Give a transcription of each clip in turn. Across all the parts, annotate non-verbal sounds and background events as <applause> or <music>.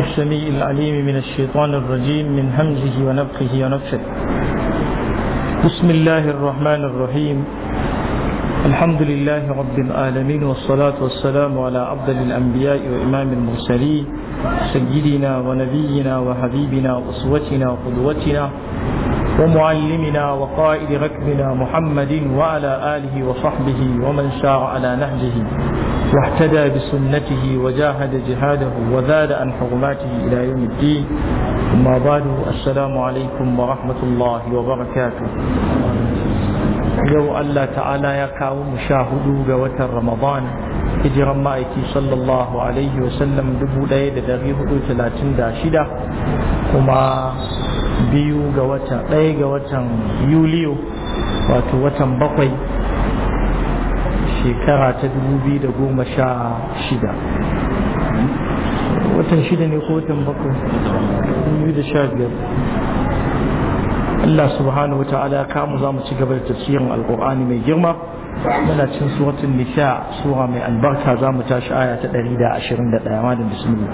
السميع العليم من الشيطان الرجيم من همزه ونفخه ونفخه بسم الله الرحمن الرحيم الحمد لله رب العالمين والصلاة والسلام على أفضل الأنبياء وإمام المرسلين سيدنا ونبينا وحبيبنا وأسوتنا وقدوتنا ومعلمنا وقائد ركبنا محمد وعلى آله وصحبه ومن سار على نهجه واحتدى بسنته وجاهد جهاده وزاد عن حرماته إلى يوم الدين أما بعد السلام عليكم ورحمة الله وبركاته yau Allah ta'ala ya kawo mu sha hudu ga watan Ramadan hijiran ma'aiki sallallahu alaihi wasallam dubu ɗaya da dari hudu talatin da shida kuma biyu ga wata ɗaya ga watan yuliyo wato watan bakwai shekara ta dubu biyu da goma sha shida. watan shida ne ko watan bakwai biyu da sha biyar. Allah subhanahu wa ta'ala kamu za mu ci gaba da tafsirin alkur'ani mai girma muna cin suratun nisa sura mai albarka za mu tashi aya ta 121 da bismillah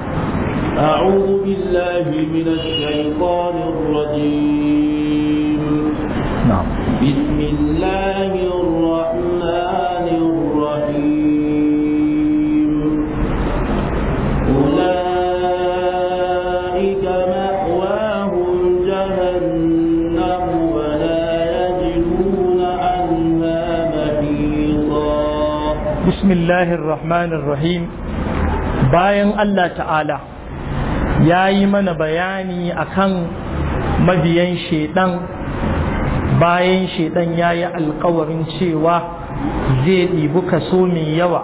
أعوذ بالله من الشيطان الرجيم نعم بسم الله الرحمن الرحيم أولئك مأواهم جهنم ولا يجدون عنها محيطا بسم الله الرحمن الرحيم باين الله تعالى ya yi mana bayani a kan mabiyan shaidan bayan shaidan ya yi alkawarin cewa zai ɗibi kaso mai yawa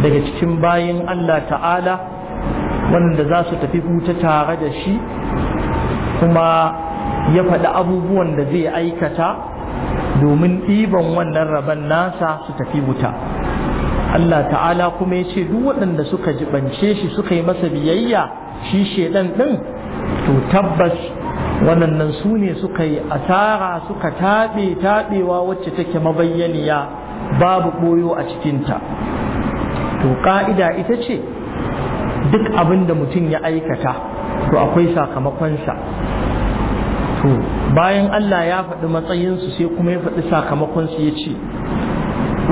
daga cikin bayan Allah ta'ala wanda za su tafi huta tare da shi kuma ya faɗi abubuwan da zai aikata domin ɗiban wannan rabon nasa su tafi wuta Allah ta'ala kuma ya ce duk waɗanda suka jibance shi suka yi masa biyayya shi shedan ɗin to tabbas waɗannan su ne suka yi asara suka taɓe taɓewa wacce take mabayyaniya babu ɓoyo a cikinta to ƙa'ida ita ce duk abin da mutum ya aikata to akwai sakamakonsa to bayan Allah ya faɗi matsayinsu sai kuma ya faɗi sakamakonsu ya ce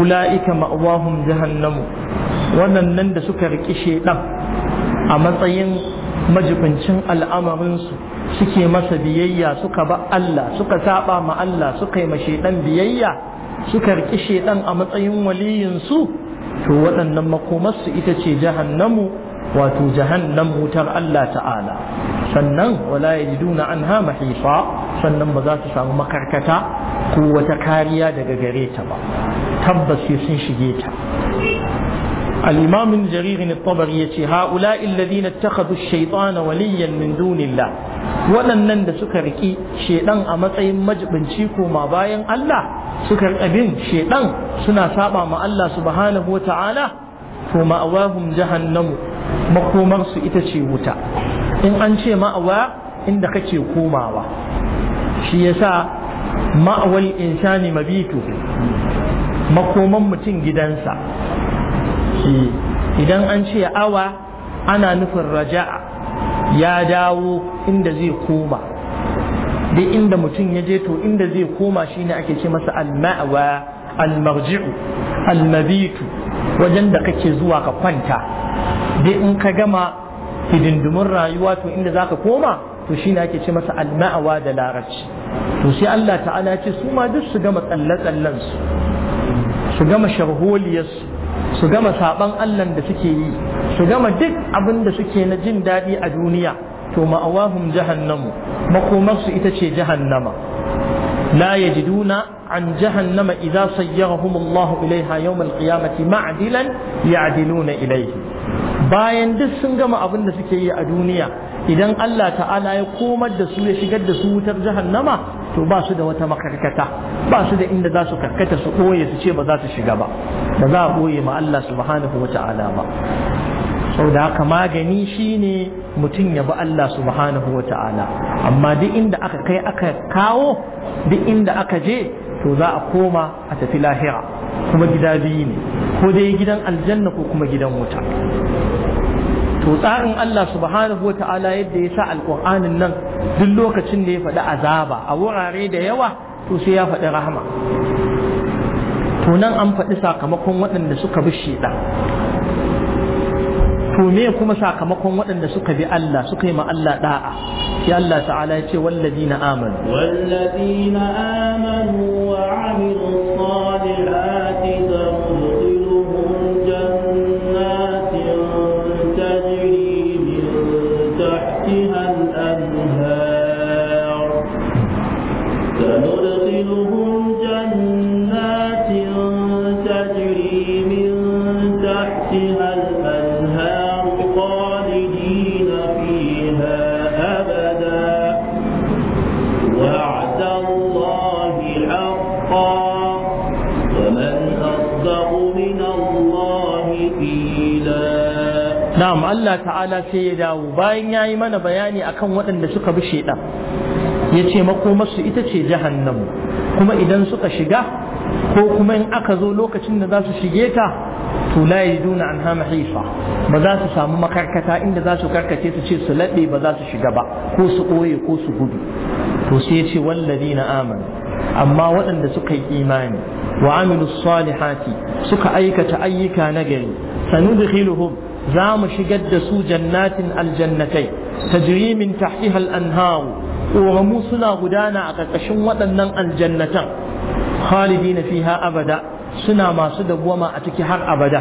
ula'ika ma'awahum jahannamu waɗannan da suka riƙi shaidan a matsayin majibincin al'amarinsu suke masa biyayya suka ba Allah suka saba ma Allah suka yi ma shaidan biyayya suka riƙi shaidan a matsayin waliyinsu to waɗannan makomarsu ita ce jahannamu wato jahannam wutar Allah ta'ala sannan wala an anha mahisa sannan ba za su samu makarkata ko wata kariya daga gare ta ba tabbas sai sun shige ta الإمام jaririn جرير الطبري يتي هؤلاء الذين اتخذوا الشيطان وليا من دون الله waɗannan da suka riƙi shedan a matsayin majibinci ko ma bayan Allah suka abin shedan suna saba ma Allah subhanahu wa ta'ala to ma'awahum jahannamu makomarsu ita ce wuta in an ce ma'awa inda kake komawa shi yasa ma'awal insani mabitu makoman mutum gidansa idan an ce awa ana nufin raja'a ya dawo inda zai koma dai inda mutum ya je to inda zai koma shine ake ce masa al-ma'wa al-marji'u al-mabitu wajen da kake zuwa ka kwanta dai in ka gama hidindimin rayuwa to inda zaka koma to shi ake ce masa alma'awa da larabci to sai Allah ta'ala ce su ma duk su gama tsalle-tsallen su su gama sharholiyar su gama saban Allah da suke yi su gama duk abin da suke na jin daɗi a duniya to ma'awahum jahannamu makomarsu ita ce jahannama لا يجدون عن جهنم إذا صيرهم الله إليها يوم القيامة معدلا يعدلون إليه bayan duk sun gama abin da suke yi a duniya idan Allah ta'ala ya komar da su ya shigar da su wutar jahannama to ba su da wata makarkata ba su da inda za su karkata su ɓoye su ce ba za su shiga ba ba za a ɓoye ma Allah subhanahu wa ta'ala ba saboda haka magani shine mutum ya bi Allah subhanahu wa ta'ala amma duk inda aka kai aka kawo duk inda aka je to za a koma a tafi lahira kuma gida biyu ne ko dai gidan aljanna ko kuma gidan wuta to tsarin Allah subhanahu wa ta'ala yadda ya sa alƙur'anin nan duk lokacin da ya faɗi azaba a wurare da yawa to sai ya faɗi rahama to nan an faɗi sakamakon waɗanda suka bi shaiɗan to me kuma sakamakon waɗanda suka bi Allah suka yi ma Allah da'a sai Allah ta'ala ya ce wallazina amanu wallazina amanu wa na'am Allah ta'ala sai ya dawo bayan yayi mana bayani akan waɗanda suka bi shaidan ya ce makomarsu ita ce jahannamu kuma idan suka shiga ko kuma in aka zo lokacin da za su shige ta to la yajiduna anha mahisa ba za su samu makarkata inda za su karkace su ce su laɗe ba za su shiga ba ko su ɓoye ko su gudu to sai ya ce na amanu amma waɗanda suka yi imani wa aminu salihati suka aikata ayyuka na gari sanudkhiluhum za mu shigar da su jannatin aljannatai tajri min anharu. al suna gudana a ƙarƙashin waɗannan aljannatan fi ha abada suna masu dawwama a ciki har abada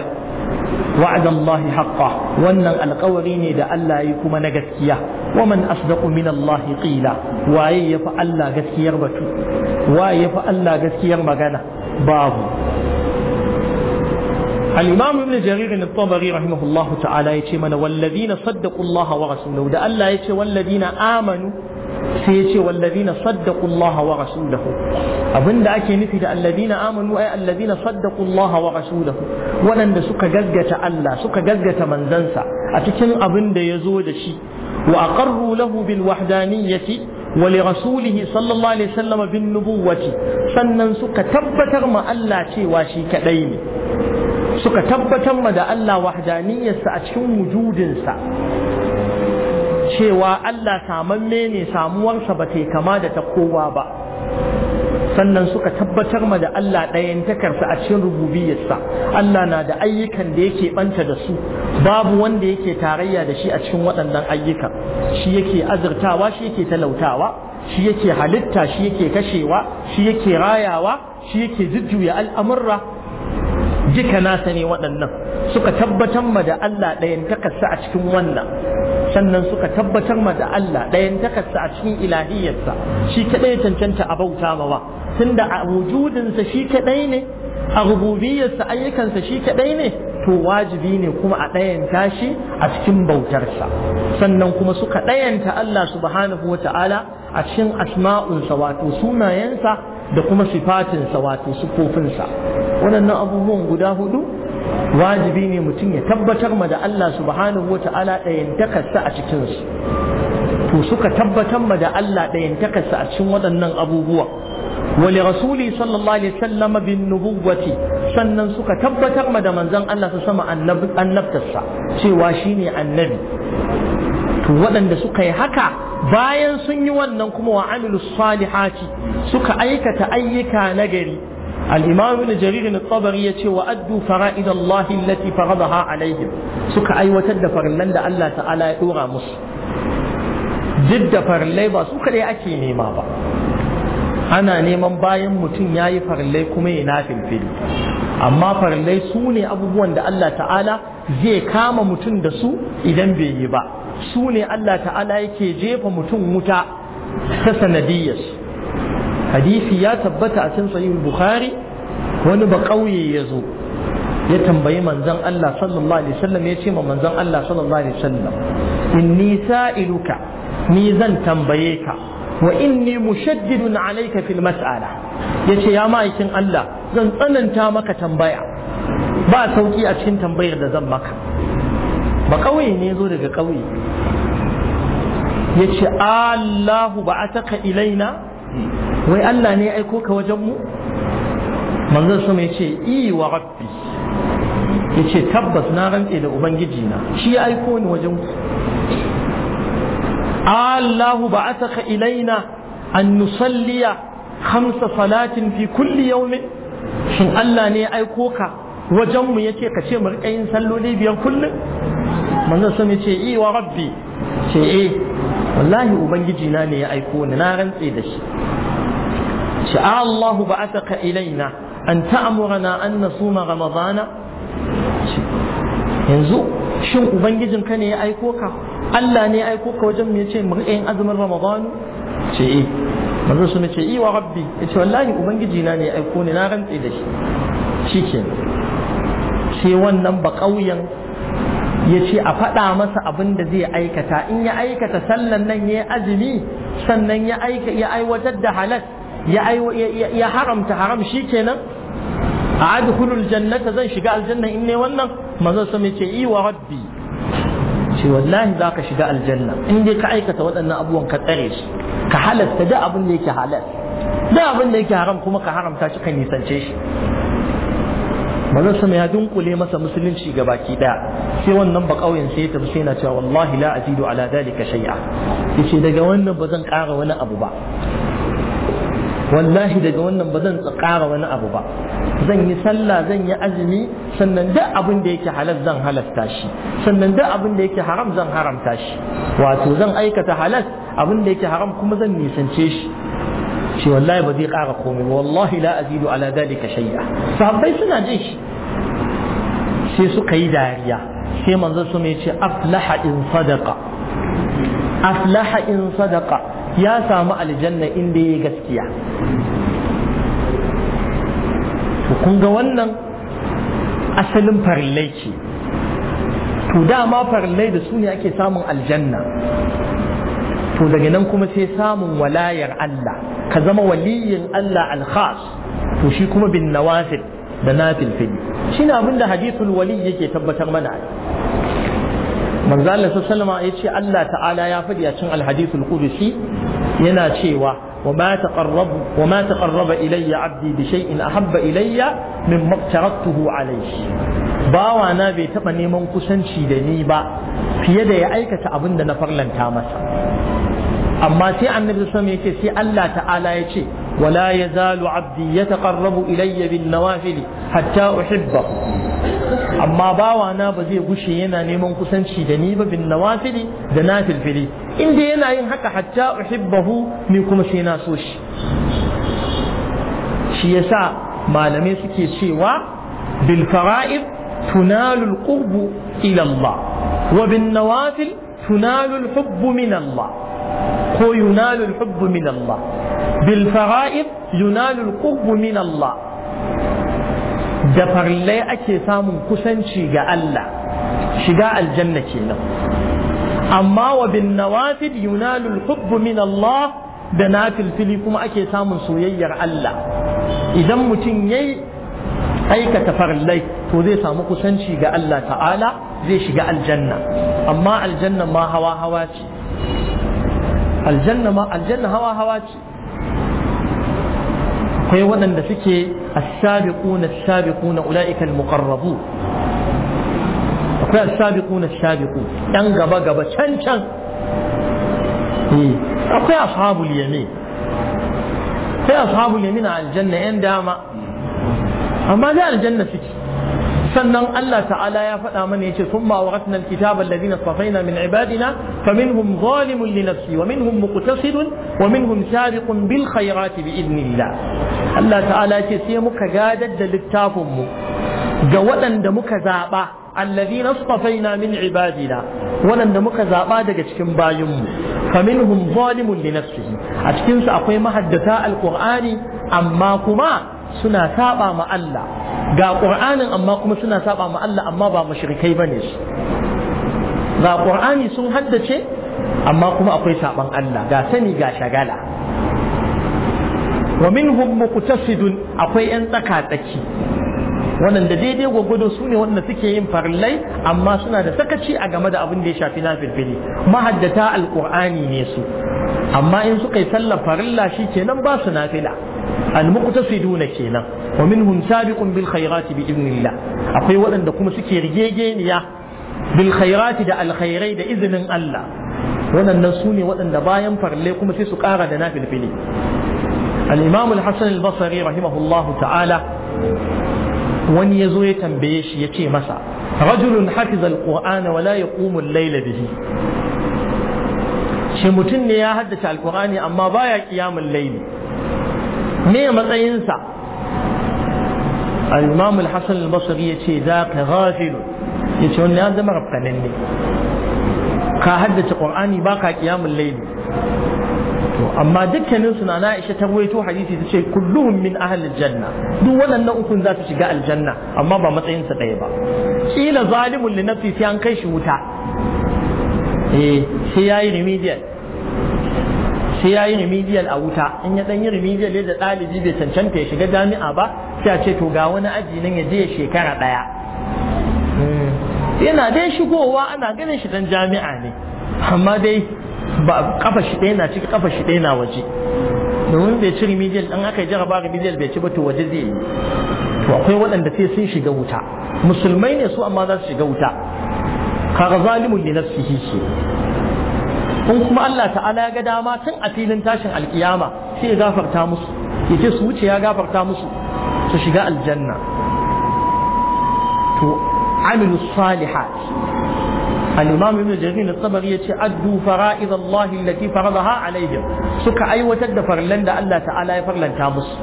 wa'adan Allah haqqa wannan alƙawari ne da Allah yi kuma na gaskiya wa man asdaqu min Allah qila waye yafi Allah gaskiyar batu waye yafi Allah gaskiyar magana babu الإمام ابن جرير الطبري رحمه الله تعالى يتي من والذين صدقوا الله ورسوله ده الله يتي والذين آمنوا سيتي والذين صدقوا الله ورسوله أبن ده أكي نفي ده الذين آمنوا أي الذين صدقوا الله ورسوله ولن ده سكا جزجة الله سكا جزجة من زنسا أتكن أبن ده يزود شي وأقروا له بالوحدانية ولرسوله صلى الله عليه وسلم بالنبوة سنن سكا تبتر ما الله شي واشي كدين suka tabbatar ma da Allah wahdaniyarsa a cikin wujudinsa cewa Allah samamme ne samuwarsa ba ta kama da ta kowa ba sannan suka tabbatar ma da Allah ɗayan takarsa a cikin rububiyarsa Allah na da ayyukan da yake banta da su babu wanda yake tarayya da shi a cikin waɗannan ayyukan shi yake azurtawa shi yake talautawa shi yake halitta shi yake kashewa shi yake rayawa shi yake jujjuya al'amurra jika nasa ne waɗannan suka tabbatar ma da Allah ɗayan takasta a cikin wannan sannan suka tabbatar ma da Allah ɗayan takasta a cikin ilahiyarsa shi kaɗai cancanta a bauta mawa tunda a wujudinsa shi kaɗai ne a rububiyarsa ayyukansa shi kaɗai ne to wajibi ne kuma a ɗayanta shi a cikin bautarsa sannan kuma suka ɗayanta Allah subhanahu wa ta'ala a cikin asma'unsa wato sunayensa da kuma sifatinsa wato sufofinsa waɗannan abubuwan guda hudu wajibi ne mutum ya tabbatar ma da Allah subhanahu wata'ala ɗayan takasta a cikinsu to suka tabbatar ma da Allah ɗayan takasta a cikin waɗannan abubuwa wali rasuli sallallahu alaihi wasallam bin nubuwati sannan suka tabbatar ma da manzon Allah su sama annabtarsa cewa shine annabi waɗanda suka yi haka bayan sun yi wannan kuma wa amilu ci, suka aikata ayyuka nagari al-imam ibn jarir al-tabari yace wa addu fara'id Allah allati faradaha alaihim suka aiwatar da farillan da Allah ta'ala ya dora musu duk da farillai ba su kadai ake nema ba ana neman bayan mutum ya yi farillai kuma ya nafin fili amma farillai su ne abubuwan da Allah ta'ala zai kama mutum da su idan bai yi ba su ne Allah ta'ala yake jefa mutum wuta ta sanadiyyar hadisi ya tabbata a cikin sahih bukhari wani ba kauye ya zo ya tambayi manzon Allah sallallahu alaihi wasallam ya ce ma manzon Allah sallallahu alaihi wasallam inni sa'iluka ni zan tambaye ka wa inni mushaddidun alayka fil mas'ala yace ya ma'aikin Allah zan tsananta maka tambaya ba sauki a cikin tambayar da zan maka ba ƙauye ne zo daga ƙauye ya ce Allahu ba a taka ilaina wai Allah ne aiko ka wajen mu manzon sama ya ce i wa rabbi ya ce tabbas na rantse da ubangiji na shi ya aiko ni wajen ku Allahu ba a taka ilaina an nusalliya hamsa salatin fi kulli yaumin shin Allah ne ya aiko ka wajen mu ya ce ka ce mu riƙa yin salloli biyar kullum manzon sun ce i eh, wa rabbi ce eh wallahi ubangiji na ne ya aiko ni na rantse da shi sha'a Allahu ba'athaka ilaina an na an nasuma ramadana yanzu shin ubangijin ka ne ya aiko ka Allah ne ya aiko ka wajen me ce mu yin azumin Ramadana? ce eh manzo sun ce i eh, wa rabbi ce wallahi ubangiji na ne ya aiko ni na rantse da shi shikenan sai wannan ba ƙauyen. ya ce a faɗa masa abin da zai aikata in ya aikata sallan nan ya yi azumi sannan ya aiwatar da halal ya haramta haram shi kenan a adhulul jannata zan shiga aljanna in ne wannan manzon sa ce i wa rabbi ce wallahi za ka shiga aljanna in dai ka aikata waɗannan abubuwan ka tsare shi ka halatta da abin da yake halal da abin da yake haram kuma ka haramta shi ka nisance shi manzon sama ya dunkule masa musulunci ga baki daya sai wannan ba kauyen sai ya tafi sai na cewa wallahi la azidu ala dalika shay'a yace daga wannan ba zan ƙara wani abu ba wallahi daga wannan ba zan ƙara wani abu ba zan yi sallah zan yi azumi sannan duk abin da yake halal zan halasta shi sannan duk abin da yake haram zan haramta shi wato zan aikata halal abin da yake haram kuma zan nisance shi shi wallahi ba zai ƙara komai ba wallahi la azidu ala dalika shay'a sahabbai suna jin shi sai suka yi dariya sai manzo su mai ce aflaha in sadaqa aflaha in sadaqa ya samu aljanna inda yayi gaskiya to kun ga wannan asalin farillai ce to dama farillai da su ne ake samun aljanna to daga nan kuma sai samun walayar Allah ka zama waliyin Allah al-khas to shi kuma bin nawafil da nafil fili shine abin da hadithul wali yake tabbatar mana manzo Allah sallallahu alaihi wasallam ya ce Allah ta'ala ya faɗi a cikin al-hadithul qudsi yana cewa وما تقرب وما تقرب الي عبدي بشيء احب الي مما افترضته عليه باوا انا بي تبا نيمان كسانشي da ni ba fiye da ya aikata abin da na farlanta masa amma sai annabi sallallahu alaihi wasallam yake sai Allah ta'ala ya ce. ولا يزال عبدي يتقرب إلي بالنوافل حتى أحبه amma bawa na ba zai gushe yana neman kusan kusanci da ni ba bin nawafili da nafilfili inda yana yin haka hatta uhibbahu ni kuma sai na so shi shi yasa malamai suke cewa bil fara'id tunalu al ila Allah wa bin nawafil tunalul al hubbu min Allah ko yunalul hubbu min Allah bil fara'id yunalul qurbu min Allah da farlai ake samun kusanci ga Allah shiga aljanna kenan amma wa bin nawafid yunalul hubbu min Allah da filfili kuma ake samun soyayyar Allah idan mutum yayi aikata farlai to zai samu kusanci ga Allah ta'ala zai shiga aljanna amma aljanna ma hawa hawa ce aljanna ma aljanna hawa hawa ce akwai waɗanda suke as-sabiquna as-sabiquna ulaika al-muqarrabu akwai as-sabiquna as-sabiqu yan gaba gaba can can eh, akwai ashabul yamin akwai ashabul yamin aljanna yan dama amma da aljanna suke sannan Allah ta'ala ya faɗa mana ya yace thumma waratna alkitaba alladhina na min ibadina faminhum zalimun li nafsi wa minhum muqtasidun wa minhum sabiqun bil khairati bi idnillah Allah ta'ala ce sai muka gadar da littafin mu ga waɗanda muka zaɓa alladhina na min ibadina waɗanda muka zaɓa daga cikin bayinmu faminhum zalimun li nafsi. a cikinsu akwai mahaddata alqur'ani amma kuma suna saba ma Allah ga Qur'anin amma kuma suna saba ma Allah amma ba mushrikai bane su ga ƙur'ani sun haddace amma kuma akwai saban Allah ga sani ga shagala wa minhum muqtasidun akwai yan tsaka tsaki da daidai gwagwado su ne waɗanda suke yin farillai amma suna da sakaci a game da abin da ya shafi na filfili mahaddata alƙur'ani ne su amma in suka yi sallar farilla shi kenan ba su nafila al-muqtasiduna kenan wa minhum sabiqun bil khairati bi idnillah akwai waɗanda kuma suke rigegeniya bil khairati da alkhairai da izinin Allah waɗannan su ne waɗanda bayan farle kuma sai su ƙara da nafilfili al-imam al-hasan al-basri ta'ala wani ya zo ya tambaye shi ya ce masa rajulun hafiz al-qur'ana wala yaqumu al-layla bihi shi mutum ne ya haddace alkur'ani amma baya qiyamul layli me matsayinsa al-imam al-hasan al-basri yace zaka Ya ce wannan ya zama rafkanin ne ka haddace qur'ani baka qiyamul layli to amma dukkanin su na Na'isha ta ruwaito hadisi ta ce kulluhum min ahli aljanna duk waɗannan ukun za su shiga aljanna amma ba matsayin sa ɗaya ba kila zalimun li nafsi sai an kai shi wuta eh sai yayi remedial sai ya yi remedial a wuta in ya dan yi remedial da ɗalibi bai cancanta ya shiga jami'a ba sai a ce to ga wani aji nan ya je ya shekara ɗaya yana dai shigowa ana ganin shi dan jami'a ne amma dai ba kafa shi ɗaya na ciki kafa shi ɗaya na waje domin bai ci remedial ɗan aka yi jaraba remedial bai ci ba to waje zai yi to akwai waɗanda sai sun shiga wuta musulmai ne su amma za su shiga wuta kaga zalimun na nafsihi shi kun kuma Allah ta'ala ga dama tun a filin tashin alkiyama sai ya gafarta musu ya ce su wuce ya gafarta musu su shiga aljanna to amilu salihat al-imam ibn jarir al-tabari yace addu fara'id Allah allati faradaha alaihim suka aiwatar da farlan da Allah ta'ala ya farlanta musu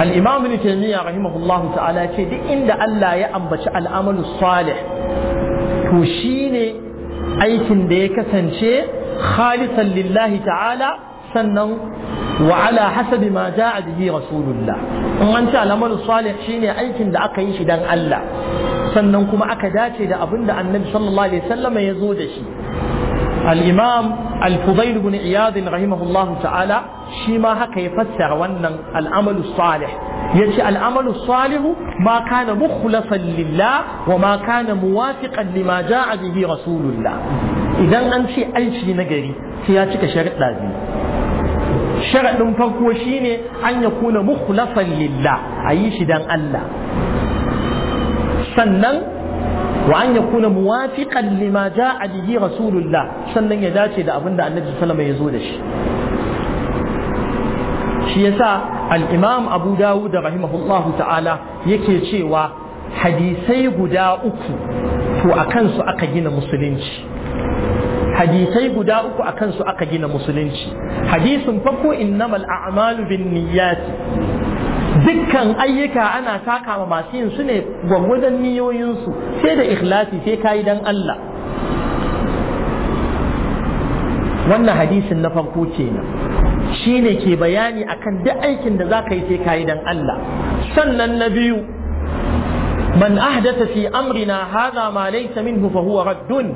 al-imam ibn taymiya rahimahullahu ta'ala ce duk inda Allah ya ambaci al-amalu salih to shine aikin da ya kasance khalisan lillahi ta'ala sannan wa ala hasabi ma ja'a bihi rasulullah in an ce al'amal salih shine aikin da aka yi shi dan Allah sannan kuma aka dace da abin da annabi sallallahu alaihi wasallam ya zo da shi al-imam الفضيل بن عياض رحمه الله تعالى شيما هكا يفسر وانا العمل الصالح يجي العمل الصالح ما كان مخلصا لله وما كان موافقا لما جاء به رسول الله إذا أنت أيشي نجري سياتك شرط لازم sharaɗin farko shine an ya kuna mukhlasan lillah a yi shi dan Allah sannan wa an yakuna muwafiqan lima jaa bihi rasulullah sannan ya dace da abinda annabi sallallahu alaihi ya zo da shi shi yasa al-imam abu dawud rahimahullahu ta'ala yake cewa hadisai guda uku to a kansu aka gina musulunci hadisai guda uku a kansu aka gina musulunci hadisin farko innamal a'malu bin niyyati dukkan ayyuka ana taka ma masu yin su ne gwangwadon niyoyinsu sai da ikhlasi sai kayi dan Allah wannan hadisin na farko kenan shine ke bayani akan duk aikin da zaka yi sai kayi dan Allah sannan na biyu man ahdatha fi amrina hadha ma laysa minhu fa huwa raddun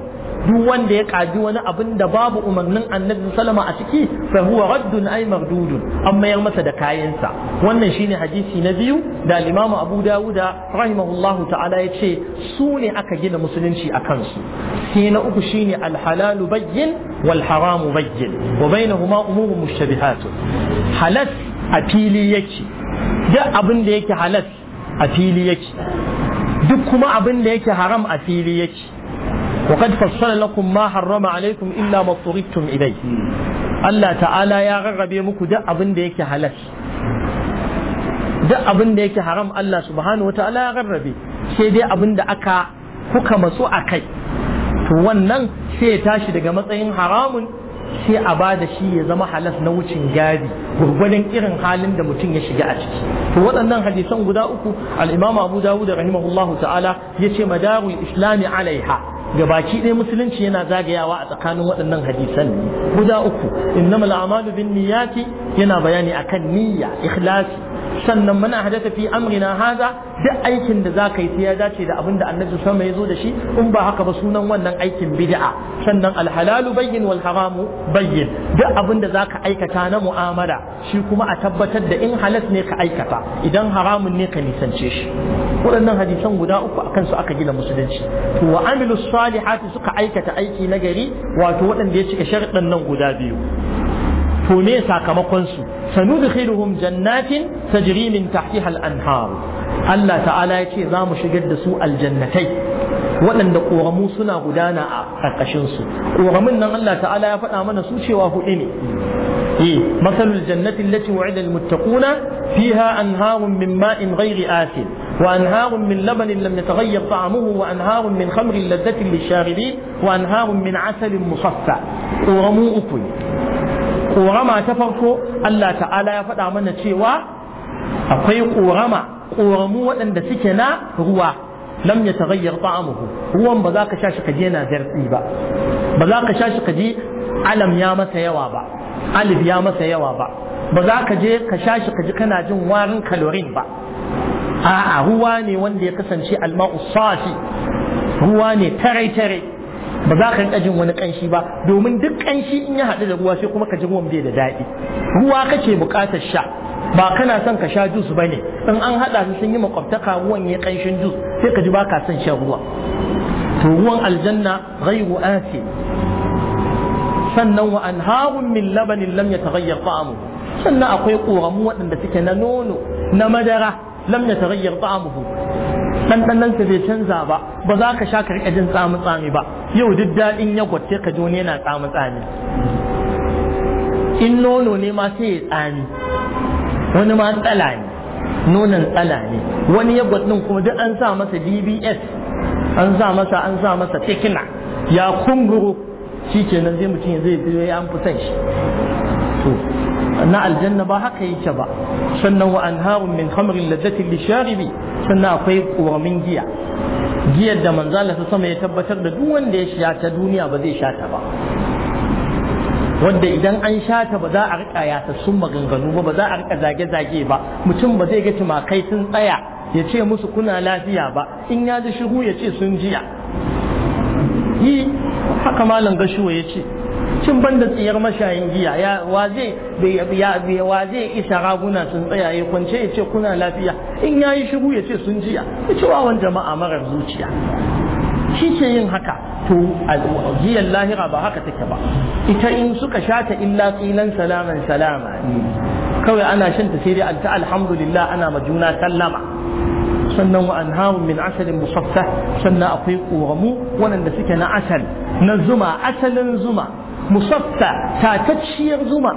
duk wanda ya kaji wani abin da babu umarnin annabi sallama a ciki fa huwa raddun ay mardudun an mayar masa da kayansa wannan shine hadisi na biyu da al-Imam Abu Dawuda rahimahullahu ta'ala yace su ne aka gina musulunci a kansu sai na uku shine al-halal bayyin wal haram bayyin wa bainahuma umurun mushtabihat halal a fili yake duk abin da yake halal a fili yake duk kuma abin da yake haram a fili yake وقد فصل لكم ما حرم عليكم إلا ما اضطررتم إليه الله تعالى يا غرب يمكو دع أبن ديك حلش دع أبن ديك حرام الله سبحانه وتعالى يا غرب شيء دي أبن دع أكا حكم سوء أكي wannan sai ya tashi daga matsayin haramun sai a ba da shi ya zama halas na wucin gadi gwargwadon irin halin da mutum ya shiga a ciki to waɗannan hadisan guda uku al-imam abu dawud rahimahullahu ta'ala yace madarul islami alaiha gabaki ɗaya musulunci yana zagayawa a tsakanin waɗannan hadisan guda uku innamal a'malu bin niyyati yana bayani akan niyya ikhlasi sannan muna hadata fi amrina haza duk aikin da za ka yi ya dace da abin da annabi sama ya zo da shi in ba haka ba sunan wannan aikin bid'a sannan alhalalu bayyin wal haramu bayyin duk abin da za ka aikata na mu'amala shi kuma a tabbatar da in halas ne ka aikata idan haramun ne ka nisance shi waɗannan hadisan guda uku kan su aka gina musulunci to wa amilus salihati suka aikata aiki na gari wato waɗanda ya cika sharɗan nan guda biyu to me sakamakon su sanudkhiluhum jannatin tajri min tahtiha al-anhar Allah ta'ala yace za mu shigar da su aljannatai waɗanda ƙoramu suna gudana a ƙarƙashin su ƙoramin nan Allah ta'ala ya faɗa mana su cewa huɗu ne إيه مثل الجنة التي وعد المتقون فيها أنهار من ماء غير آسن وأنهار من لبن لم يتغير طعمه وأنهار من خمر لذة للشاربين وأنهار من عسل مصفى ورمو ƙorama ta farko Allah ta'ala ya faɗa mana cewa akwai ƙorama ƙoramu waɗanda suke na ruwa lam ya tagayyar ta'amuhu ruwan ba za ka sha shi ka je na zartsi ba ba za ka sha shi ka je alam ya masa yawa ba alif ya masa yawa ba ba za ka je ka sha shi ka kana jin warin kalorin ba a'a ruwa ne wanda ya kasance alma'u safi ruwa ne tare-tare ba za ka yi jin wani kanshi ba domin duk kanshi in ya haɗu da ruwa sai kuma ka ji ruwan bai da daɗi ruwa kake buƙatar sha ba kana son ka sha jus ba ne in an haɗa su sun yi makwabtaka ruwan ya ƙanshin jus sai ka ji ba ka son shan ruwa to ruwan aljanna ghairu asi sannan wa anharun min labanin lam yataghayyar ta'amu sannan akwai ƙoramu waɗanda suke na nono na madara lam yataghayyar ta'amuhu ɗanɗanansa bai canza ba ba za ka sha ka riƙa jin tsamin tsami ba yau duk daɗin ya gwatte ka joni yana tsamin tsami in nono ne ma sai ya tsami wani ma tsala ne nonon tsala ne wani ya gwatin kuma duk an sa masa dbs an sa masa an sa masa tekina ya kumburo shi kenan zai mutum zai zai an fi san shi na aljanna ba haka yake ba sannan wa anharun min khamrin ladzatin lisharibi sannan akwai ƙoramin giya giyar da manzala ta sama ya tabbatar da duk wanda ya sha ta duniya ba zai sha ta ba wanda idan an sha ta ba za a rika sun maganganu ba ba za a rika zage-zage ba mutum ba zai ga tumakai sun tsaya ya ce musu kuna lafiya ba in ya ji shiru ya ce sun jiya yi haka malam gashuwa ya ce cin banda tsiyar mashayin giya ya wa zai ya wa zai isa raguna sun tsaya ya kwance ya ce kuna lafiya in yayi shiru ya ce sun jiya ya ce wawan jama'a marar zuciya shi ce yin haka to giyar lahira ba haka take ba ita in suka shata illa tsilan salaman salama kawai ana shanta sai dai ta alhamdulillah ana ma juna sallama sannan wa anharun min asalin musaffa sannan akwai koramu waɗanda suke na asal na zuma asalin zuma musaffa tatacciyar zuma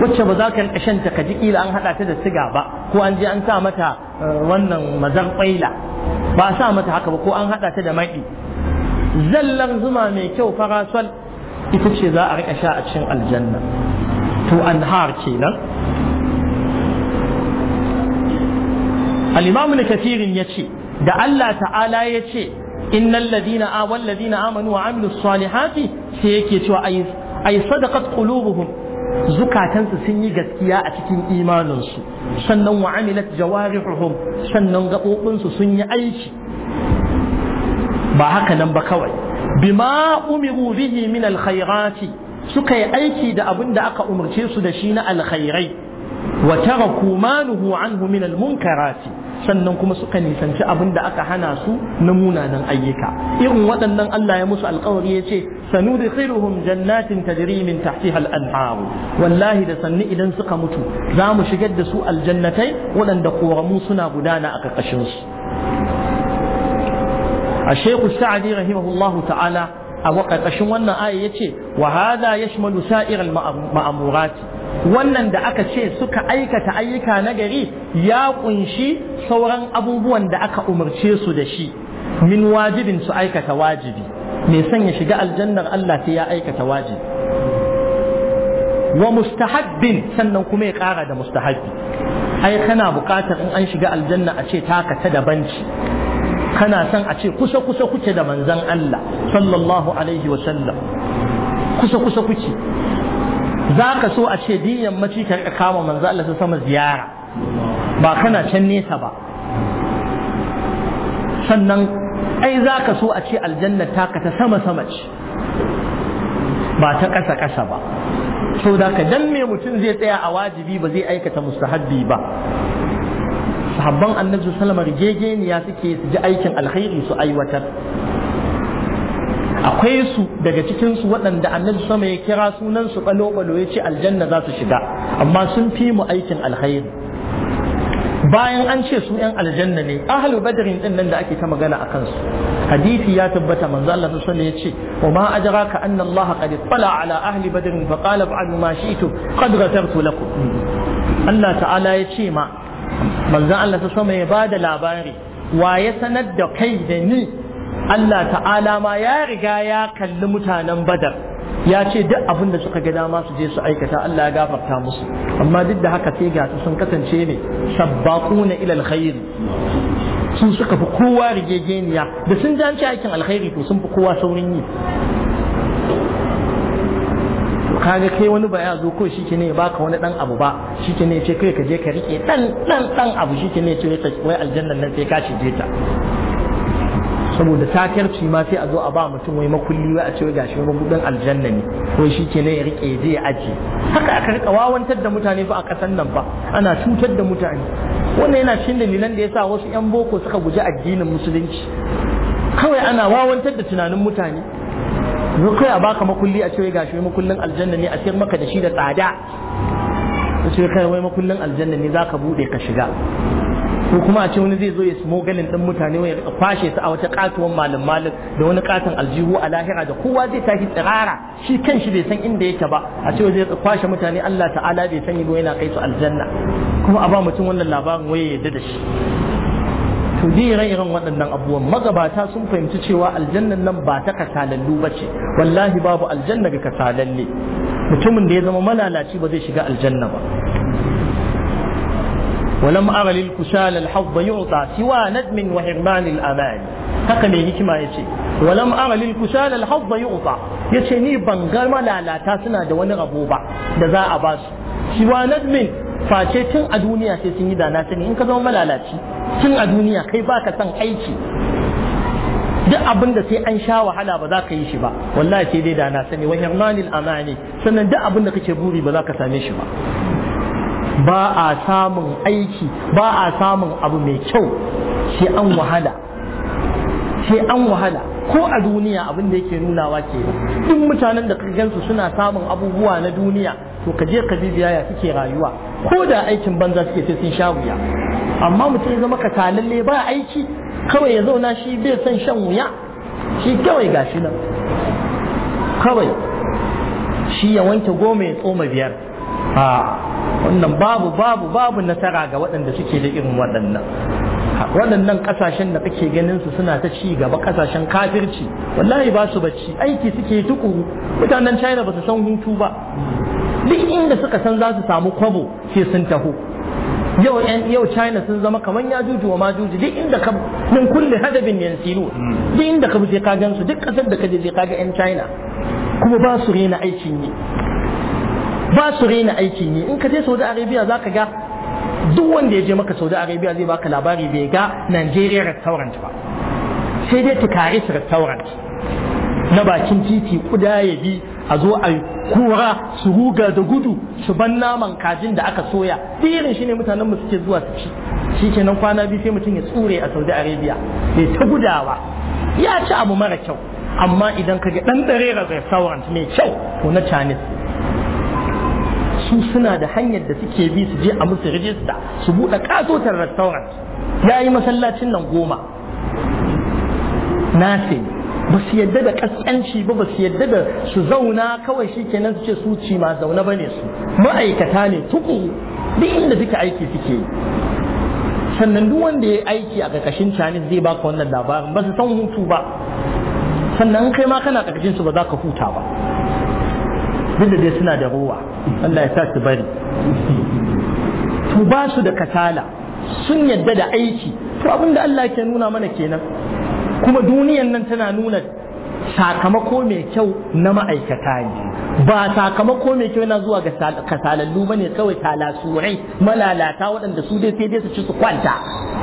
wacce ba za ka rika shanta ka ji kila an haɗa ta da siga ba ko an je an sa mata eh, wannan mazar kwaila ba sa mata haka ba ko an haɗa ta da maɗi zallar zuma mai kyau farasol ita ce za a rika sha a cikin aljanna to har kenan al-imam al ya yace da Allah ta'ala yace innal ladina awal ladina amanu wa amilu salihati sai yake cewa ai ay sadaqat qulubuhum zukatansu sun yi gaskiya a cikin imaninsu sannan wa amilat jawarihuhum sannan gaɓoɓinsu sun yi aiki ba haka nan ba kawai bima umiru bihi min alkhairati suka yi aiki da abin da aka umarce su da shi na alkhairai wa taraku ma nuhu anhu min almunkarati sannan kuma suka nisanci abin da aka hana su na munanan ayyuka irin waɗannan Allah ya musu alƙawari ya ce sanudkhiluhum jannatin tajri min tahtiha al-anhar wallahi da sanni idan suka mutu za mu shigar da su aljannatai waɗanda koramu suna gudana a ƙarƙashin a shehu sa'adi rahimahullahu ta'ala a ƙarƙashin wannan aya ya ce wa hada yashmalu sa'ir al-ma'amurati wannan da aka ce suka aikata ayyuka na gari ya kunshi sauran abubuwan da aka umarce su da shi min wajibin su aikata wajibi Me son ya shiga aljannar Allah sai ya aikata wajibi wa mustahabbin sannan kuma ya kara da mustahabbi ai kana bukatar in an shiga aljanna a ce taka ta daban kana son a ce kusa kusa kuke da manzon Allah sallallahu alaihi wa sallam kusa kusa kuke za ka so a ce duk yammaci ka kama manzo Allah su sama ziyara ba kana can nesa ba sannan ai za ka so a ce aljanna taka ta sama sama ce ba ta ƙasa ƙasa ba So da ka dan me mutum zai tsaya a wajibi ba zai aikata mustahabbi ba sahabban annabi sallama rigegeniya suke su ji aikin alkhairi su aiwatar akwai su daga cikin su waɗanda annabi sama ya kira sunan su balo balo ya ce aljanna za su shiga amma sun fi mu aikin alhairi bayan an ce su yan aljanna ne ahlu badrin din nan da ake ta magana a kansu hadisi ya tabbata manzo Allah sallallahu alaihi yace wa ma ajraka anna Allah qad tala ala ahli badrin fa qala fa'alu ma shi'tum qad ghafartu lakum Allah ta'ala ya ce ma manzo Allah sallallahu alaihi ya bada labari wa ya sanar da kai da ni Allah ta'ala ma ya riga ya kalli mutanen badar ya ce duk abin da suka ga dama su je su aikata Allah ya gafarta musu amma duk da haka sai ga su sun kasance ne sabbaquna ila alkhair sun suka fi kowa rigegeniya da sun ji an ci aikin alkhairi to sun fi kowa saurin yi kaga kai wani ba ya zo ko shi kine ne ya baka wani dan abu ba shi kine ne ya ce kai ka je ka rike dan dan dan abu shi kine ne ya ce wai aljannan nan sai ka shige ta saboda sakarci ma sai a zo a ba mutum wai makulli wai a ce wai gashi mabudan aljanna ne ko shi ke ya rike je ya aje haka aka rika wawantar da mutane ba a kasan nan ba ana cutar da mutane wannan yana cikin dalilan da yasa wasu yan boko suka guji addinin musulunci kawai ana wawantar da tunanin mutane kai a baka makulli a ce wai gashi wai makullin aljanna ne a sayar maka da shi da tsada sai kai wai makullin aljanna ne zaka bude ka shiga ko kuma a ce wani zai zo ya galin ɗin mutane wani ya kwashe su a wata katuwan malam malam da wani katon aljihu a lahira da kowa zai tashi tsirara shi kan shi bai san inda yake ba a ce zai kwashe mutane Allah ta'ala bai sani ba yana kai su aljanna kuma a ba mutum wannan labarin waye yadda da shi to dai ire-iren waɗannan abubuwan magabata sun fahimci cewa aljannan nan ba ta kasalallu ba ce wallahi babu aljanna ga kasalalle mutumin da ya zama malalaci ba zai shiga aljanna ba ولم أر للكسال الحظ يعطى سوى ندم وحرمان الأمان haka mai hikima ya ce walam ara lil kusala al ufa, ya yace ni ban ga lalata suna da wani rabo ba da za a ba su shi wa nadmin face tun a duniya sai sun yi dana in ka zama malalaci tun a duniya kai baka son aiki duk abin da sai an sha wahala ba za ka yi shi ba wallahi sai dai dana sani wa hirmanil amani sannan duk abin da kake buri ba za ka same shi ba ba a samun aiki ba a samun abu mai kyau sai an wahala sai an wahala ko a duniya abin da yake nunawa ke duk mutanen da gansu suna samun abubuwa na duniya to ka je ka bibiya ya suke rayuwa ko da aikin banza suke sai sun sha wuya amma mutum ya zama talalle ba aiki kawai ya zauna shi bai son shan wuya shi kawai gashi nan kawai shi ya wanke goma ya tsoma biyar a wannan babu babu babu nasara ga waɗanda suke da irin waɗannan waɗannan ƙasashen da kake ganin su suna ta ci gaba ƙasashen kafirci wallahi ba su bacci aiki suke tukuru mutanen china ba su san hutu ba duk inda suka san za su samu kwabo sai sun taho yau yan yau china sun zama kamar ya juju wa majuji duk inda ka min kulli hadabin yansilu duk inda ka je ka gansu duk kasar da ka je ka ga yan china kuma ba su rena aikin yi ba su rena aikin ne in ka je saudi arabia za ka ga duk wanda ya je maka saudi arabia zai baka labari bai ga nigeria restaurant ba sai dai tukaris restaurant na bakin titi kuda ya bi a zo a kura su ruga da gudu su ban naman kajin da aka soya irin shi ne mutanen mu suke zuwa su ci shi kenan kwana biyu sai mutum ya tsure a saudi arabia bai ta gudawa ya ci abu mara kyau amma idan ka ga ɗan ɗarera restaurant mai kyau ko na chinese su suna da hanyar da suke bi su je a musu rijista su buɗe ƙatotar restaurant ya yi masallacin nan goma na ba su yadda da ƙasƙanci ba ba su yadda da su zauna kawai shi kenan su ce su ci ma zauna ba ne su ma'aikata ne tuku duk inda suke aiki suke yi sannan duk wanda ya aiki a ƙarƙashin chinese zai baka wannan labarin ba su san hutu ba sannan kai ma kana ƙarƙashin su ba za ka huta ba duk da dai suna da rowa Allah ya sa su bari to ba su da kasala sun yadda da aiki to da Allah ke nuna mana kenan kuma duniyan nan tana nuna sakamako mai kyau na ma'aikata ne ba sakamako mai kyau yana zuwa ga kasalallu ne kawai talasurai malalata waɗanda su dai sai dai su ci su kwanta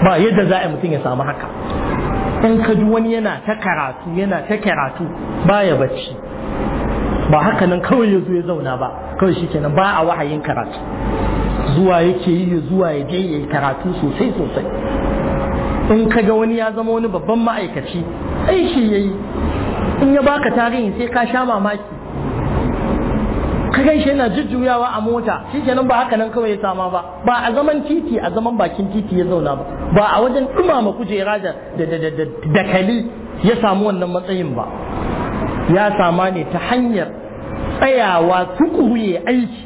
ba yadda za a mutum ya samu haka in ka ji wani yana ta karatu yana ta karatu baya bacci ba haka nan kawai ya zo ya zauna ba kawai shi kenan ba a wahayin karatu zuwa yake yi zuwa ya je ya yi karatu sosai sosai in ka ga wani ya zama wani babban ma'aikaci aiki ya yi in ya baka tarihin sai ka sha mamaki ka gan shi yana jujjuyawa a mota shi kenan ba haka nan kawai ya sama ba ba a zaman titi a zaman bakin titi ya zauna ba ba a wajen dumama kujera da dakali ya samu wannan matsayin ba ya sama ne ta hanyar tsayawa tukuru ya aiki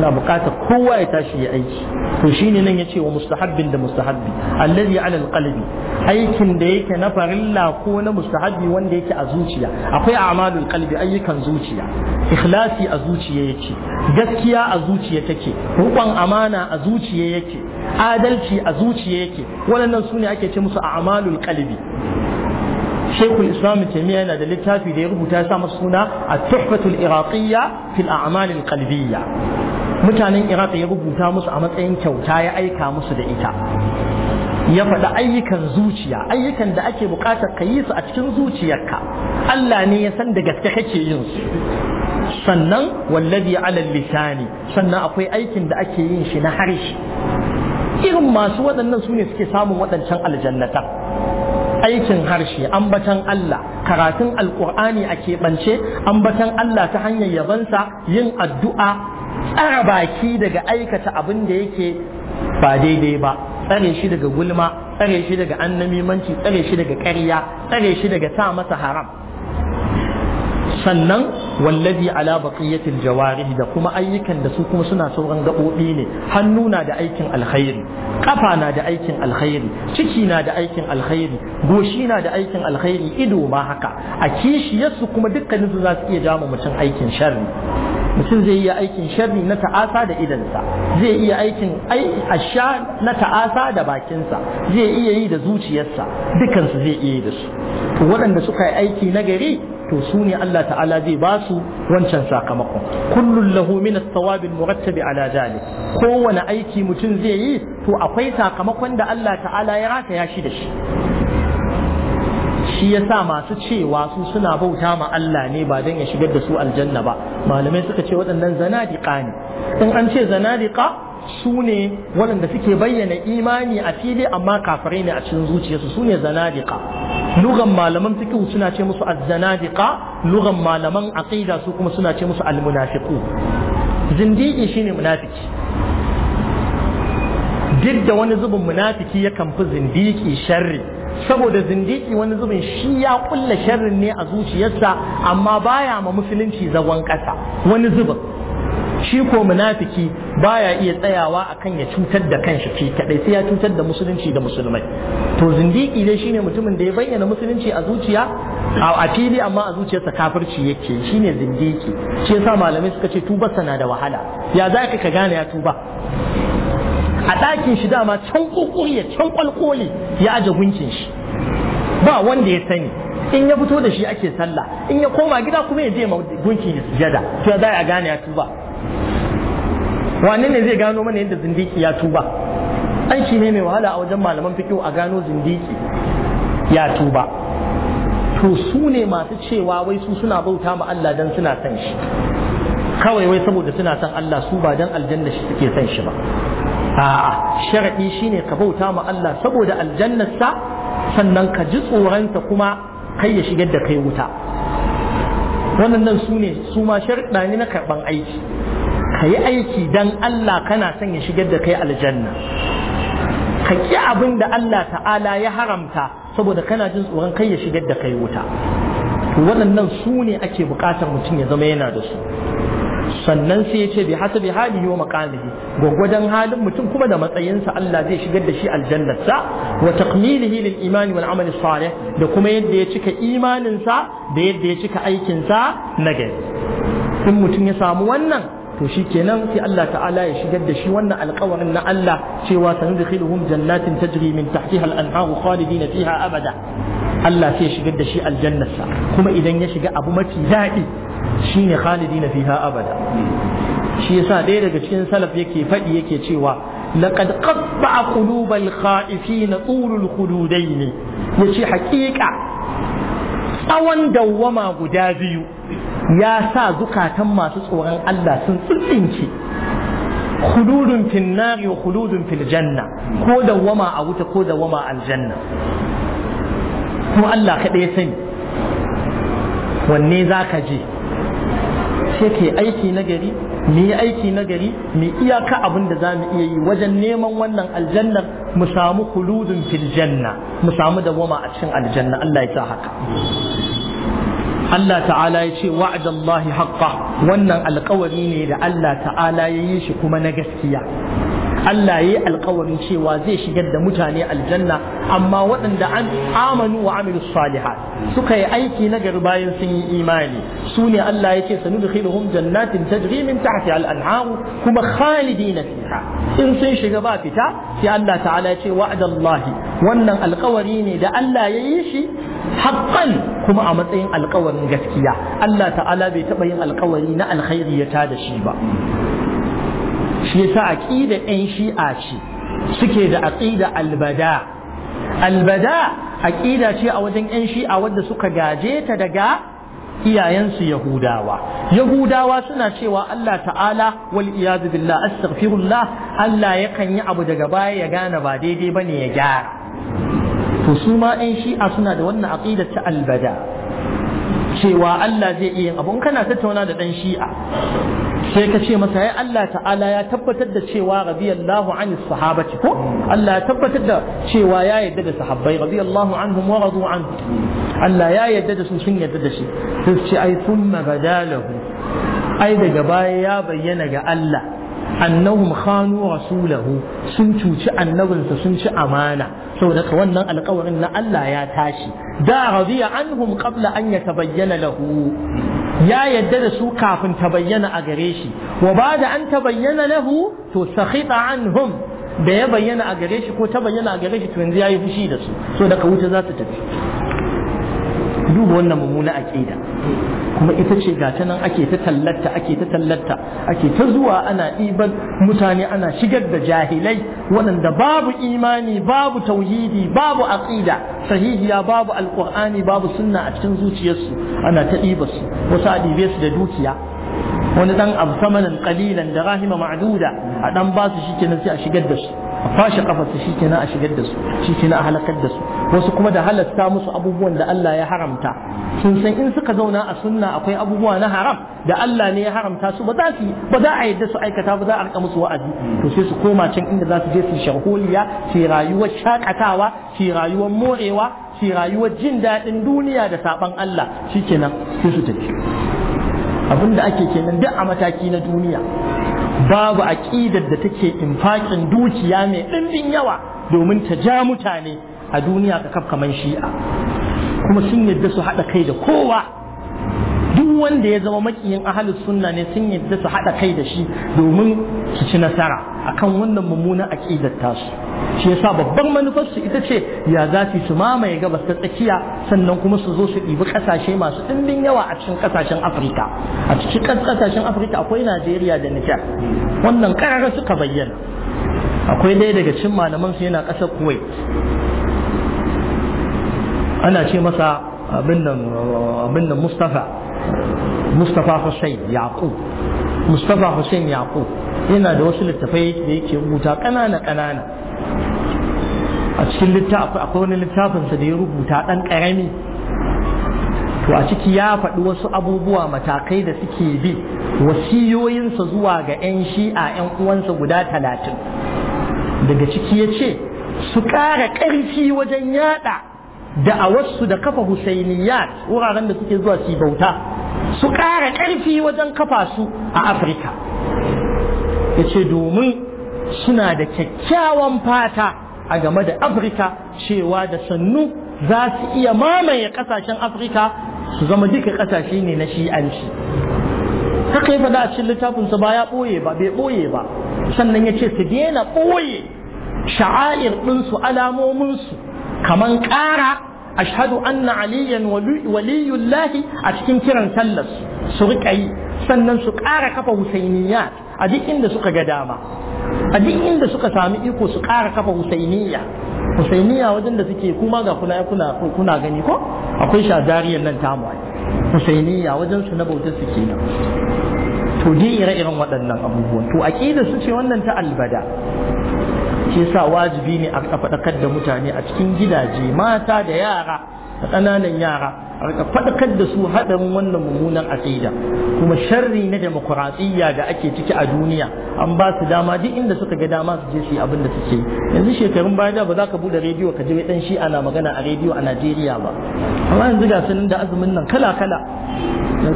na bukatar kowa ya tashi ya aiki to shine nan ya ce wa mustahabbin da mustahabbi allazi ala alqalbi aikin da yake na farilla ko na mustahabbi wanda yake a zuciya akwai a'malul qalbi ayyukan zuciya ikhlasi a zuciya yake gaskiya a zuciya take rukun amana a zuciya yake adalci a zuciya yake waɗannan su ne ake ce musu a'malul qalbi shaykhul islam taymiya yana da littafi da ya rubuta sa suna at-tuhfatul iraqiyya fil a'mal al mutanen iraq ya rubuta musu a matsayin kyauta ya aika musu da ita ya faɗi ayyukan zuciya ayyukan da ake buƙatar ka yi su a cikin zuciyarka Allah ne ya san da gaske kake yin su sannan wallazi alal lisani sannan akwai aikin da ake yin shi na harshe irin masu waɗannan su ne suke samun waɗancan aljannata aikin harshe ambatan Allah karatun alkur'ani a keɓance ambatan Allah ta hanyar yabansa yin addu'a tsara baki daga aikata abin da yake ba daidai ba tsare shi daga gulma tsare shi daga annamimanci tsare shi daga ƙarya tsare shi daga sa masa haram sannan wallazi ala baqiyatil jawarih da kuma ayyukan da su kuma suna sauran gabobi ne hannu na da aikin alkhairi kafa na da aikin alkhairi ciki na da aikin alkhairi goshi na da aikin alkhairi ido ma haka a kishiyarsu kuma dukkanin su za su iya jama mutum aikin sharri mutum zai iya aikin sharri na ta'asa da idansa zai iya aikin asha na ta'asa da bakinsa zai iya yi da zuciyarsa dukansu zai iya yi da su to waɗanda suka yi aiki na gari to su ne Allah ta'ala zai ba su wancan sakamakon kullun lahu min as-sawabil murattabi ala kowane aiki mutum zai yi to akwai sakamakon da Allah ta'ala ya ya shi da shi shi yasa masu cewa su suna bauta ma Allah ne ba dan ya shigar da su aljanna ba malamai suka ce waɗannan zanadiqa ne in an ce zanadiqa su ne waɗanda suke bayyana imani a fili amma kafirai ne a cikin zuciyarsu su ne zanadiƙa lugan malaman fiqh suna ce musu az-zanadiqa lugan malaman aqida su kuma suna ce musu al-munafiqu zindiki shine munafiki duk da wani zubin munafiki yakan fi zindiki sharri saboda zindiki wani zubin shi ya kulla sharrin ne a zuciyarsa amma baya ma musulunci zagon kasa wani zubin shi ko munafiki baya iya tsayawa akan ya cutar da kanshi ce kadai sai ya cutar da musulunci da musulmai to zindiki dai shine mutumin da ya bayyana musulunci a zuciya a fili amma a zuciyarsa kafirci yake shine zindiki shi yasa malamai suka ce tuba sana da wahala ya za ka gane ya tuba a ɗakin shi dama can kokori ya can kwalkoli ya aje gunkin shi ba wanda ya sani in ya fito da shi ake sallah in ya koma gida kuma ya je gunkin ya sujada to za a gane ya tuba wane ne zai gano mana yadda zindiki ya tuba aiki ne mai wahala a wajen malaman fikihu a gano zindiki ya tuba to su ne masu cewa wai su suna bauta ma Allah dan suna san shi kawai wai saboda suna san Allah su ba dan aljanna shi suke san shi ba a'a sharadi shine ka bauta ma Allah saboda aljannarsa sannan ka ji tsoronta kuma kai ya shigar da kai wuta wannan su ne su ma sharɗa ne na karɓan aiki ka yi aiki dan Allah kana son ya shigar da kai aljanna ka ƙi abin da Allah ta'ala ya haramta saboda kana jin tsoron kai ya shigar da kai wuta waɗannan su ne ake buƙatar mutum ya zama yana da su sannan sai ya ce bi hasabi halihi wa Goggo gwagwadan halin mutum kuma da matsayinsa Allah zai shigar da shi aljannarsa wa taqmilihi lil imani wal amali salih da kuma yadda ya cika imaninsa da yadda ya cika aikinsa na gari in mutum ya samu wannan to shi kenan sai Allah ta'ala ya shigar da shi wannan alƙawarin na Allah cewa sanudkhiluhum jannatin tajri min tahtiha al-anharu khalidina fiha abada Allah sai ya shigar da shi aljannarsa kuma idan ya shiga abu mafi daɗi shine khalidina fiha abada shi yasa ɗaya daga cikin salaf yake faɗi yake cewa laqad qatta'a qulubal khaifin tulul khududain yace haƙiƙa tsawon dawwama guda biyu ya sa zukatan masu tsoron Allah sun tsintsince khuludun fil nari wa fil janna ko dawwama a wuta ko dawwama aljanna ko Allah kaɗai ya sani wanne za je sai ke aiki na gari mu yi aiki na gari mu iyaka abin da zamu iya yi wajen neman wannan aljannar mu samu khuludun fil janna mu samu dawwama a cikin aljanna Allah ya sa haka Allah ta'ala ya ce wa'adallahi haqqa wannan alkawari ne da Allah ta'ala ya yi shi kuma na gaskiya Allah ya yi alkawarin cewa zai shigar da mutane aljanna amma waɗanda an amanu wa amilu salihat suka yi aiki na gari bayan sun yi imani su ne Allah ya ce sanudkhiluhum jannatin tajri min tahti al-anhar kuma khalidina fiha in sun shiga ba fita sai Allah ta'ala ya ce wa'dallahi wannan alkawari ne da Allah ya yi shi Haɓɓan kuma a matsayin alƙawarin gaskiya Allah ta'ala bai taɓa yin alƙawari na alkhairi ya tada shi ba shi yasa ƙida ɗan shi'a ce suke da ƙida albada albada ƙida ce a wajen ƴan shi'a wadda suka gaje ta daga iyayensu Yahudawa. Yahudawa suna cewa Allah ta'ala wal iyadu billah astaghfirullah Allah yakan yi abu daga baya ya gane ba daidai bane ya gyara. to su ma ɗan shi'a suna da wannan aqidar ta albada cewa Allah zai iya yin abun kana tattauna da ɗan shi'a sai ka ce masa ya Allah ta'ala ya tabbatar da cewa radiyallahu an sahabati ko Allah ya tabbatar da cewa ya yarda da sahabbai radiyallahu anhum wa radu anhu. Allah ya yarda da su sun yarda da shi sai ce ai thumma badalahu ai daga baya ya bayyana ga Allah annahum khanu rasulahu sun cuci annabinsa sun ci amana saboda wannan alkawarin na Allah ya tashi da radiya anhum qabla an yatabayyana lahu ya yadda da su kafin ta bayyana a gare shi wa ba da an ta bayyana lahu to sakhita anhum da ya bayyana a gare shi ko ta bayyana a gare shi to yanzu yayi fushi da su so daga wuta za su tafi duba wannan mummuna aqida kuma ita ce ga nan ake ta tallata ake ta tallata ake ta zuwa ana ɗiban mutane ana shigar da jahilai waɗanda babu imani babu tauhidi babu aqida sahihiya babu alqur'ani babu sunna a cikin zuciyarsu ana ta ɗiba su wasu a ɗibe su da dukiya wani dan abu samanin qalilan da rahima ma'duda a dan ba su shikenan sai a shigar da su a fashe kafarsu shi kenan a shigar da su shi kenan a halakar da su wasu kuma da halatta musu abubuwan da Allah ya haramta sun san in suka zauna a sunna akwai abubuwa na haram da Allah ne ya haramta su ba za su ba za a yadda su aikata ba za a rika musu wa'azi to sai su koma can inda za su je su sharholiya su rayuwar shakatawa su rayuwar morewa su rayuwar jin daɗin duniya da saban Allah shikenan sai su tafi abinda ake kenan duk a mataki na duniya babu aƙidar da take infakin dukiya mai ɗimbin yawa domin ta ja mutane a duniya ka kaf kaman shi'a kuma sun yadda su haɗa kai da kowa duk wanda ya zama makiyin ahalus sunna ne sun yadda su haɗa kai da shi domin su ci nasara akan wannan mummunan aƙidar tasu shi yasa babban su ita ce ya za su su mamaye gabas ta tsakiya sannan kuma su zo su ɗibi ƙasashe masu ɗimbin yawa a cikin ƙasashen afirka a cikin ƙasashen afirka akwai najeriya da nijar wannan ƙararra suka bayyana akwai ɗaya daga cikin malaman su yana ƙasar kuwait ana ce masa abin nan mustafa mustafa hussein mustafa hussein yana da wasu littafai da yake rubuta ƙanana ƙanana a cikin littafi akwai wani littafinsa da ya rubuta ɗan ƙarami to a ciki ya faɗi wasu abubuwa matakai da suke bi wasiyoyinsa zuwa ga 'yan shi'a 'yan uwansa guda talatin daga ciki ya ce su ƙara ƙarfi wajen yaɗa da'awarsu da kafa husainiyat wuraren da suke zuwa su bauta su ƙara ƙarfi wajen kafa su a afirka yace domin suna da kyakkyawan fata a game da afirka cewa da sannu za su iya mamaye kasashen afirka su zama duka kasashe ne na shi'anci haka yi faɗa a cikin littafinsa ba ya ɓoye ba bai ɓoye ba sannan ya ce su daina ɓoye sha'air ɗinsu alamominsu kaman ƙara ashhadu anna aliyan waliyullahi a cikin kiran sallar su riƙa yi sannan su ƙara kafa husainiyya a duk inda suka ga dama a duk inda suka sami iko su ƙara kafa husainiyya husainiyya wajen da suke kuma ga kuna kuna kuna gani ko akwai shadariyar nan tamu husainiyya wajen su na bautar su kenan to dai ire-iren waɗannan abubuwan to aqida su ce wannan ta albada ke sa wajibi ne a faɗakar da mutane a cikin gidaje mata da yara da ƙananan yara a rika faɗakar da su haɗin wannan mummunan aƙida kuma sharri na demokuraɗiyya da ake ciki a duniya an ba su dama duk inda suka ga dama su je su yi abin da suke yanzu shekarun baya ba za ka buɗe rediyo ka ji ɗan shi ana magana a rediyo a Najeriya ba amma yanzu ga sunan da azumin nan kala kala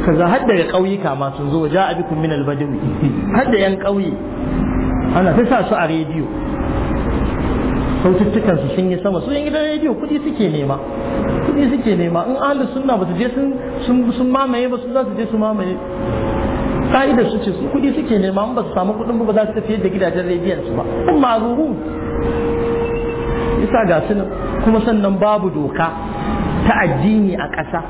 kaza har daga ƙauyuka ma sun zo ja abikum min albadawi har da yan ƙauye ana ta sa su a rediyo su sun yi sama su yan gidan rediyo kuɗi suke nema kuɗi suke nema in ahli sunna ba su je sun mamaye ba su za su je su mamaye ka'idar su ce su kuɗi suke nema in ba su samu kuɗin ba za su tafi da gidajen rediyon su ba ma maruru isa ga su kuma sannan babu doka ta addini a ƙasa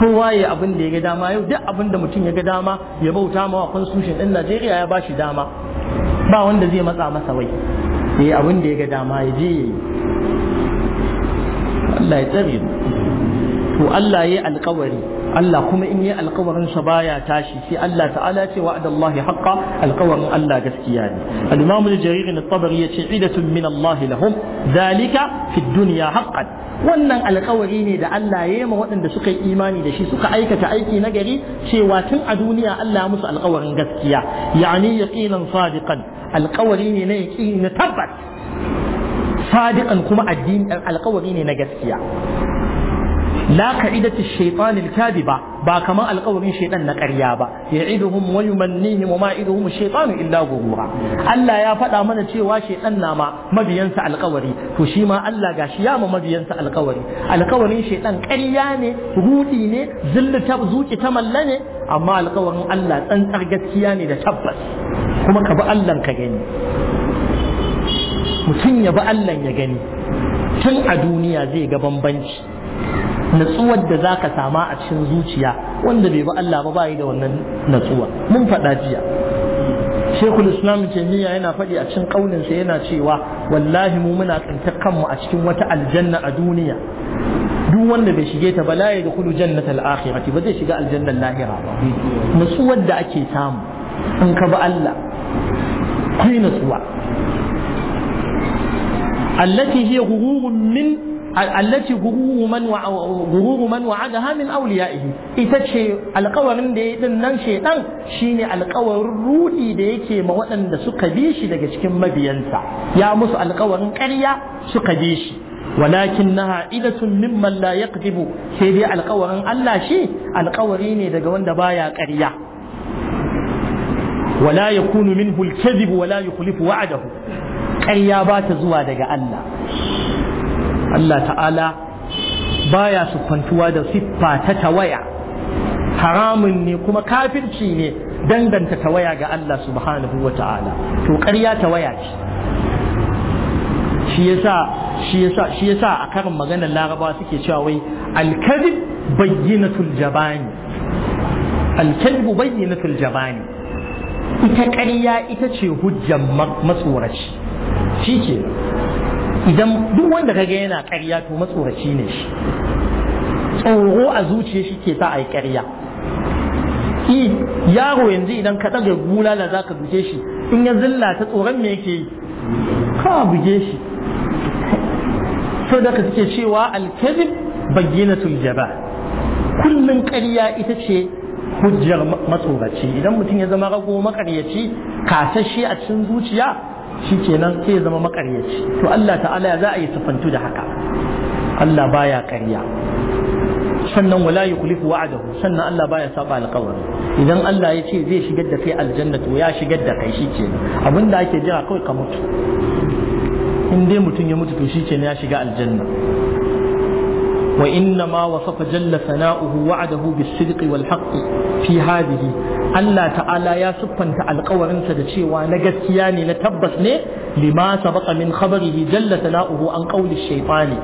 kowa ya abin da ya ga dama yau duk abin da mutum ya ga dama ya bauta ma sushen ɗin Najeriya ya bashi dama ba wanda zai matsa masa wai ya abin da ya ga dama ya je Allah ya tsare mu to Allah yayi alƙawari Allah kuma in yi alkawarin sa baya tashi sai Allah ta'ala ce wa'adallahi haqqa alƙawarin Allah gaskiya ne al-Imam al-Jarir al-Tabari yace idatun min Allah lahum zalika fi dunya haqqan wannan alƙawari ne da Allah ya yi ma waɗanda suka yi imani da shi suka aikata aiki na gari cewa tun a duniya Allah musu alƙawarin gaskiya yani yaqinan sadiqan alƙawari ne na yaqini na tabbas sadiqan kuma addini alƙawari ne na gaskiya la ka'idatu shaytan kadiba ba kaman alƙawarin shaytan na ƙarya ba ya'iduhum wa yumannihim wa ma'iduhum shaytanu illa ghurura Allah ya faɗa mana cewa shaytan na ma sa alƙawari to shi ma Allah gashi ya ma mabiyansa alƙawari alƙawarin shaytan ƙarya ne rudi ne zillata zuci ta malla ne amma alƙawarin Allah tsantsar gaskiya ne da tabbas kuma ka bi Allah ka gani mutum ya bi Allah ya gani tun a duniya zai ga bambanci natsuwar da za ka sama a cikin zuciya wanda bai bi Allah ba bayi da wannan natsuwa mun faɗa jiya shekul islam jamiya yana faɗi a cikin ƙauninsa yana cewa wallahi mu muna tsintar kanmu a cikin wata aljanna a duniya duk wanda bai shige ta ba la ya dukulu jannata al-akhirati ba zai shiga aljannar lahira ba natsuwar da ake samu in ka bi Allah kai natsuwa allati hiya ghururun min allati man wa ghururu man wa'adaha min awliyaihi ita ce alƙawarin da ya din nan shedan shine alƙawarin rudi da yake ma waɗanda suka bi shi daga cikin mabiyansa ya musu alƙawarin ƙarya suka bi shi ولكنها عدة ممن لا يكذب سيدي القورن الله شيء القورين دقا وندا بايا قريا ولا يكون منه الكذب ولا يخلف وعده ƙarya ba ta zuwa daga Allah Allah ta'ala baya siffantuwa da siffa ta tawaya haramun ne kuma kafirci ne danganta tawaya ga Allah subhanahu wa ta'ala to ƙarya tawaya ce shi yasa shi yasa shi yasa a karin maganar larabawa suke cewa wai alkadib bayyinatul jabani alkadibu bayyinatul jabani ita ƙarya ita ce hujjan matsoraci shi ke idan duk wanda kaga yana karya to matsoraci ne shi tsoro a zuciya shi ke sa a yi karya yaro yanzu idan ka ɗaga gulala za ka buge shi in ya zilla ta tsoron me yake yi ka buge shi sau da ka suke cewa alkazib bayyanatul jaba kullum ƙarya ita ce hujjar matsoraci idan mutum ya zama rago makaryaci kasashe a cikin zuciya shikenan sai ya zama makaryaci to Allah ta'ala za a yi sifantu da haka Allah baya ƙarya sannan wala yukhlifu wa'adahu sannan Allah baya saba alƙawari idan Allah ya ce zai shigar da kai aljanna to ya shigar da kai shikenan abinda ake jira kawai ka mutu in dai mutum ya mutu to shikenan ya shiga aljanna وإنما وصف wa'adahu bi وعده بالصدق والحق في هذه Allah ta'ala ya siffanta alkawarinsa da cewa na gaskiya ne na tabbas ne lima sabaqa min khabarihi jalla sana'uhu an qawli shaytani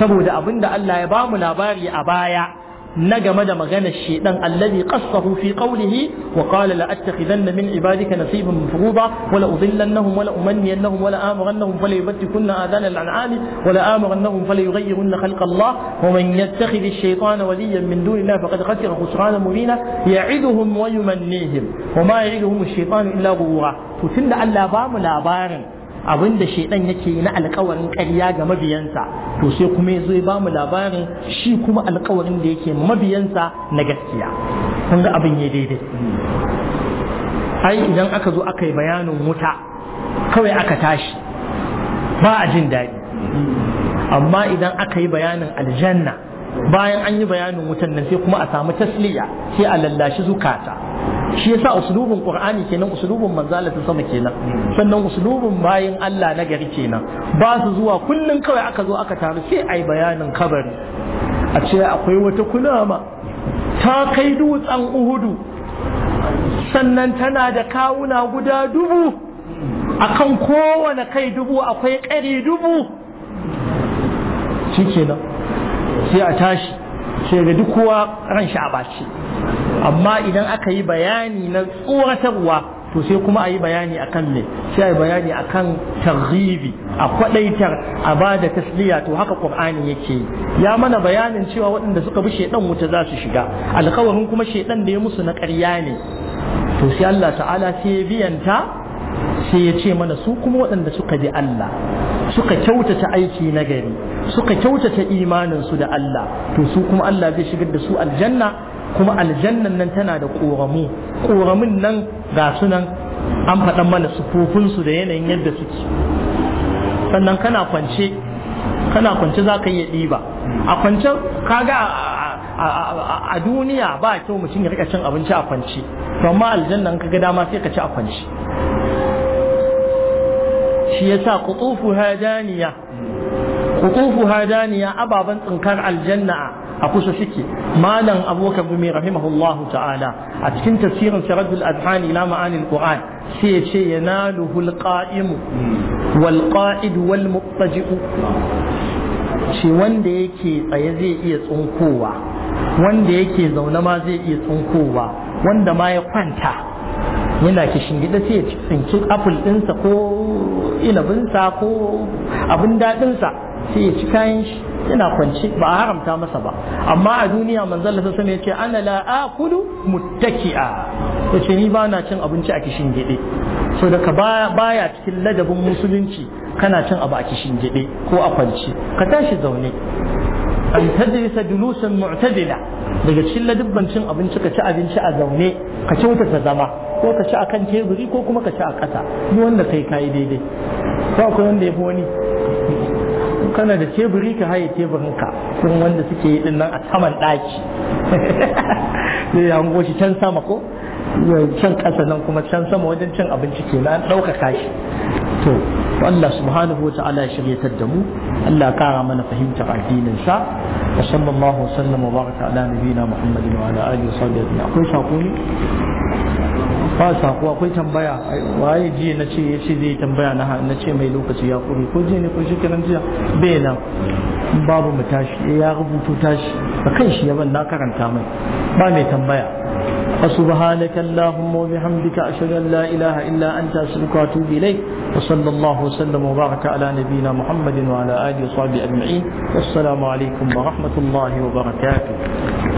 saboda abinda Allah ya bamu labari a baya na game da maganar shedan allazi qassahu fi qawlihi wa qala la attakhidanna min ibadika nasiban mafruba wa la udillannahum wa la umanniyannahum wa la amurannahum fala yubtikunna adana al'ami wa la amurannahum fala yughayyirunna khalqa Allah wa man yattakhidh ash-shaytana waliyan min dunillah faqad khasira khusrana mubina ya'iduhum wa yumannihim wa ma ya'iduhum ash-shaytanu illa ghurura to tunda Allah ba mu labarin abin da shaidan yake yi na alkawarin ƙarya ga mabiyansa to sai kuma yazo ya bamu labarin shi kuma alkawarin da yake mabiyansa na gaskiya kun ga abin ya daidai ai idan aka zo aka yi bayanin wuta kawai aka tashi ba a jin daɗi amma idan aka yi bayanin aljanna bayan an yi bayanin wutan nan sai kuma a samu tasliya sai a lallashi zukata shi yasa usulubin qur'ani kenan usulubin manzala ta sama kenan sannan usulubin bayin Allah na gari kenan ba su zuwa kullun kawai aka zo aka taru sai ai bayanin kabari a ce akwai wata kulama ta kai dutsen uhudu sannan tana da kawuna guda dubu akan kowane kai dubu akwai kare dubu shi kenan sai a tashi sai ga duk kowa ran shi a baci amma idan aka yi bayani na tsoratarwa to sai kuma a yi bayani akan ne sai a yi bayani akan tarzibi a kwadaitar a ba da tasliya to haka qur'ani yake ya mana bayanin cewa waɗanda suka bi shedan wuta za su shiga alkawarin kuma shedan da ya musu na ƙarya ne to sai Allah ta'ala sai ya biyanta sai ya ce mana su kuma waɗanda suka bi Allah suka kyautata aiki na gari suka kyautata imaninsu da Allah to su kuma Allah zai shigar da su aljanna kuma aljannan nan tana da ƙoramu ƙoramin nan ga sunan an faɗan mana sufofinsu da yanayin yadda suke sannan kana kwance kana kwance za ka iya ɗiba a kwance ka ga a duniya ba kyau mutum ya rika cin abinci a kwance to amma aljanna ka ga dama sai ka ci a kwance shi yasa qutufu hadaniya hadaniya ababan tsinkar aljanna a kusa suke malam abokan gumi rahimahullahu ta'ala a cikin tafsirin siradul adhan ila ma'anil qur'an sai ya ce yanaluhu alqa'im wal qa'id wal muqtaji'u shi wanda yake tsaye zai iya tsunkowa wanda yake zaune ma zai iya tsunkowa wanda ma ya kwanta yana kishin gida sai ya tsinci apple ɗinsa ko Inabinsa ko abin daɗinsa sai ya ci kayan shi yana kwance ba a haramta masa ba amma a duniya manzon Allah sallallahu ce ana la akulu muttaki'a yace ni ba na cin abinci a kishin gede so ka baya cikin ladabin musulunci kana cin abu a kishin gede ko a kwance ka tashi zaune an tajlisa dulusan mu'tadila daga cikin ladabban cin abinci ka ci abinci a zaune ka kyautata zama ko ka ci akan teburi ko kuma ka ci a ƙasa duk wanda kai kayi daidai ba ku wanda ya fi wani kana da teburi ka haye teburin ka kun wanda suke yi dinnan a saman ɗaki sai <laughs> ya hango shi can sama ko can ƙasa nan kuma can sama wajen cin abinci ke na ɗaukaka shi to Allah subhanahu wa ta'ala shiryatar da mu Allah kara mana fahimtar addinin sa wa sallallahu wa mabarata ala nabi nabiyina Muhammadin wa wa akwai ba sako akwai tambaya waye jiya na ce ya ce zai tambaya na ce mai lokaci ya kure ko jiya ne ko shekaran jiya bai nan babu mu tashi eh, ya rubuto tashi a kan shi yaban na karanta mai ba mai tambaya فسبحانك اللهم وبحمدك أشهد أن لا إله إلا أنت أستغفرك وأتوب إليك وصلى الله وسلم وبارك على نبينا محمد وعلى آله وصحبه أجمعين والسلام عليكم ورحمة الله وبركاته